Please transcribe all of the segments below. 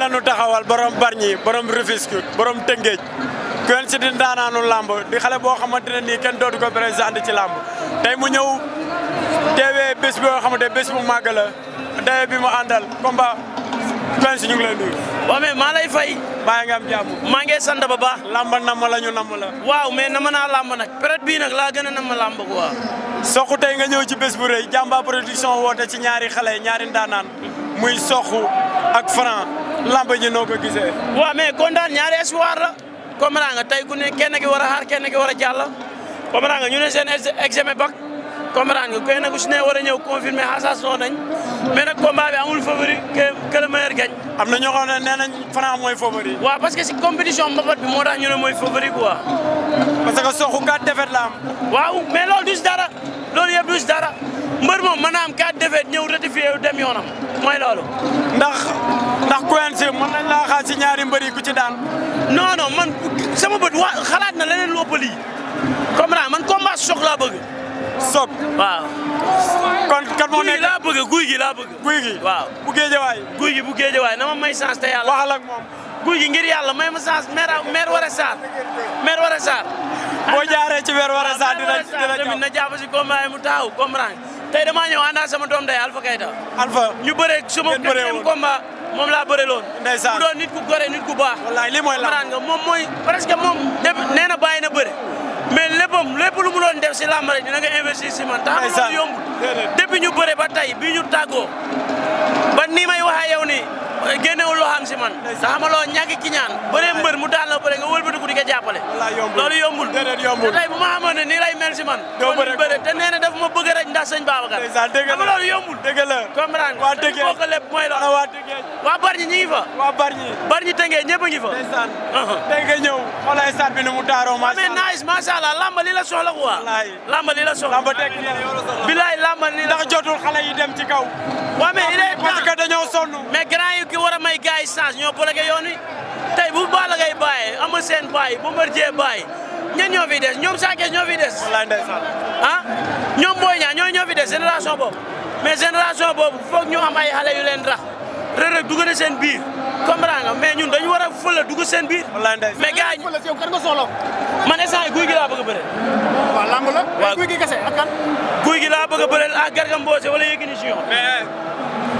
la ñu taxawal borom Bargny borom Rufisque borom Tëngéej kenn si di lamb làmb di xale boo xamante ne nii kenn dootu ko présenté ci làmb tey mu ñëw teewee bés boo xamante bés bu màgg la daye bi mu àndal combat kenn si ñu ngi lay nuyu. waaw mais maa lay fay. bàyyi am jàmm. maa ngi sant ba baax. làmb namm la ñu namm la. waaw mais nama naa lamb nag période bii nag laa gën a namm làmb quoi. soxu tey nga ñëw ci bés bu rëy Jamba woo woote ci ñaari xale ñaari ndaanaan muy soxu ak Franc. lamba ji noo ko gisee. waaw mais kon daal ñaari espoir la. comprends nga tey ku ne kenn ki war a xaar kenn ki war a jàll. comprends nga ñu ne comprendre nga koy nag su ne war a ñëw confirmé xasaasoo nañ mais nag combat bi favori que que le meilleur am na ñoo xam ne mooy favori. waaw parce que si compétition mbapat bi moo tax ñu ne mooy favori quoi. parce que soxu quatre défaites la am. waaw mais loolu du si dara loolu yëpp du dara mbër moom mën naa am quatre défaites dem yoonam mooy loolu. ndax ndax coince mën nañ laa xaar si ñaari mbër yi ku daan. non non man sama bët waa xalaat na leneen lu Sokh. waaw. kon kan moo nekk guy laa bëgg guy gi laa bëgg. guy gi waaw bu géejewaay. guy gi bu waay na ma may chance te yàlla. waxal ak moom. guy gi ngir yàlla may ma chance maire maire Woré Sarr maire Woré Sarr. jaaree ci maire Woré ah, Sarr dina dina tamit na jàpp si combat mu taaw comprendre tey damaa ñëw àndaat sama doom day Alpha Kayta. Alpha ñu bëree sama quatrième combat moom laa bëre loon. ndeysaan bu nit ku gore nit ku baax. wallaay lii mooy lan moom mooy presque moom lépp lu mu doon def si làmb rek dina nga investir si man. tax na yomb bëre ba tey bi ñu ba nii may waxee yow nii génnewul loo xam si man. tax ma loo ñàkk ki ñaan mbër mu daal la bëre nga wëlbati jàppale loolu yombul te tey bu ma xamoon ne nii lay mel si man loolu bëre te nee na daf ma bëgg rek ndax sëñ Babacar xam loolu yombul comprendre nga dañu bokk lépp mooy waa Bargny ñi fa waa Bargny Bargny tëngee a fa uh-huh. tey nga ñëw xoolal stade bi nu mu taaroo ah, li la soxla quoi lamba li la soxla lamba tekk na bilaay lamba li ndax jotul xale yi dem ci kaw waaw mais il est parce que dañoo sonn mais grand a tey bu baax Eumeu Sène bàyyi Bombardier bàyyi ñenn ñoo fi des Sa Thiès ñoo fi des. wallaay ndeysaan. ah ñooy ñoo fi des boobu mais génération boobu foog ñu am ay xale yu leen rax seen biir comprendre nga ñun dañu war a fële seen biir. wallaay ndeysaan mais gars guy gi laa bëgg a guy gi kese ak a bëre ak Garga Mbossé wala Yékini Junior. mais eh,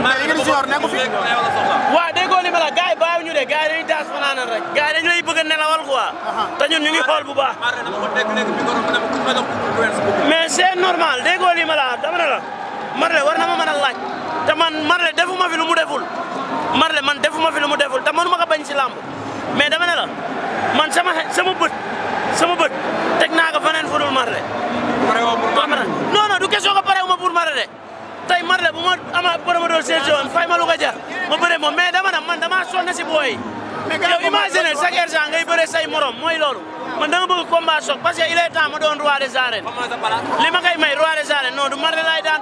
maa ngi leen di ko bëgg a bëgg a bëgg a bëgg a bëgg a bëgg a a bëgg a a bëgg a bëgg a bëgg a a bëgg a a a a a a a bëgg a a a bëgg a a a a bëgg a a bëgg a a a bëgg a a bëgg a bëgg a bëgg a a a a a a bëgg a a a ñun ñu ngi xool bu baax. mais c'est normal déggoo lii ma la dama la ma mën a laaj te man Marley defu ma fi lu mu deful Marley man defu ma fi lu deful te mënu ma ko bañ si làmb mais dama ne la man sama sama bët sama bët teg naa ko feneen fu dul du question ko pare wu ma pour Marley de. tey Marley bu ma ama promoteur saison fay ma lu ko jar ma bëre moom mais dama na man dama sonn si booy yow imagine chaque bëre say morom mooy loolu man dama bëgg combat soog parce que il est doon roi li ma koy may roi des arènes daan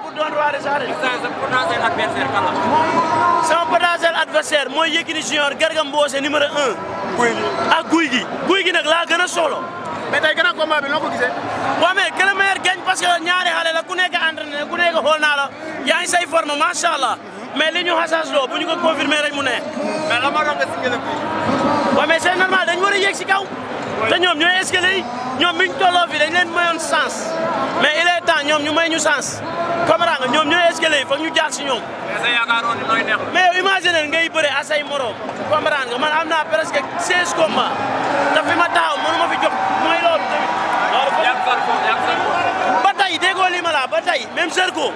pour doon roi des arènes sama potentiel adversaire mooy Yékini Junior Garga Mbossé numéro un ak guy gi guy gi nag laa gën a soxla mais tey grand combat bi noo ko gisee waaw mais que le meilleur gagne parce que ñaari xale la ku nekk entraîné ku nekk xool naa la allah mais li bu ñu ko confirmé mu ne waaw mais c'est normal dañ war a yéeg si kaw te ñoom ñooy escalier ñoom biñ tolloo fi dañ leen mayoon sens mais il est temps ñoom ñu may ñu sens comprendre nga ñoom ñooy escalier foog ñu jaar si ñoom. mais sa yaakaaroon ni nooy neex. mais bëre à say morom nga man am naa presque 16 combats te fi ma taxaw mënu ma fi jox mooy loolu tamit. ba tey déggoo li ma la ba tey même Zarko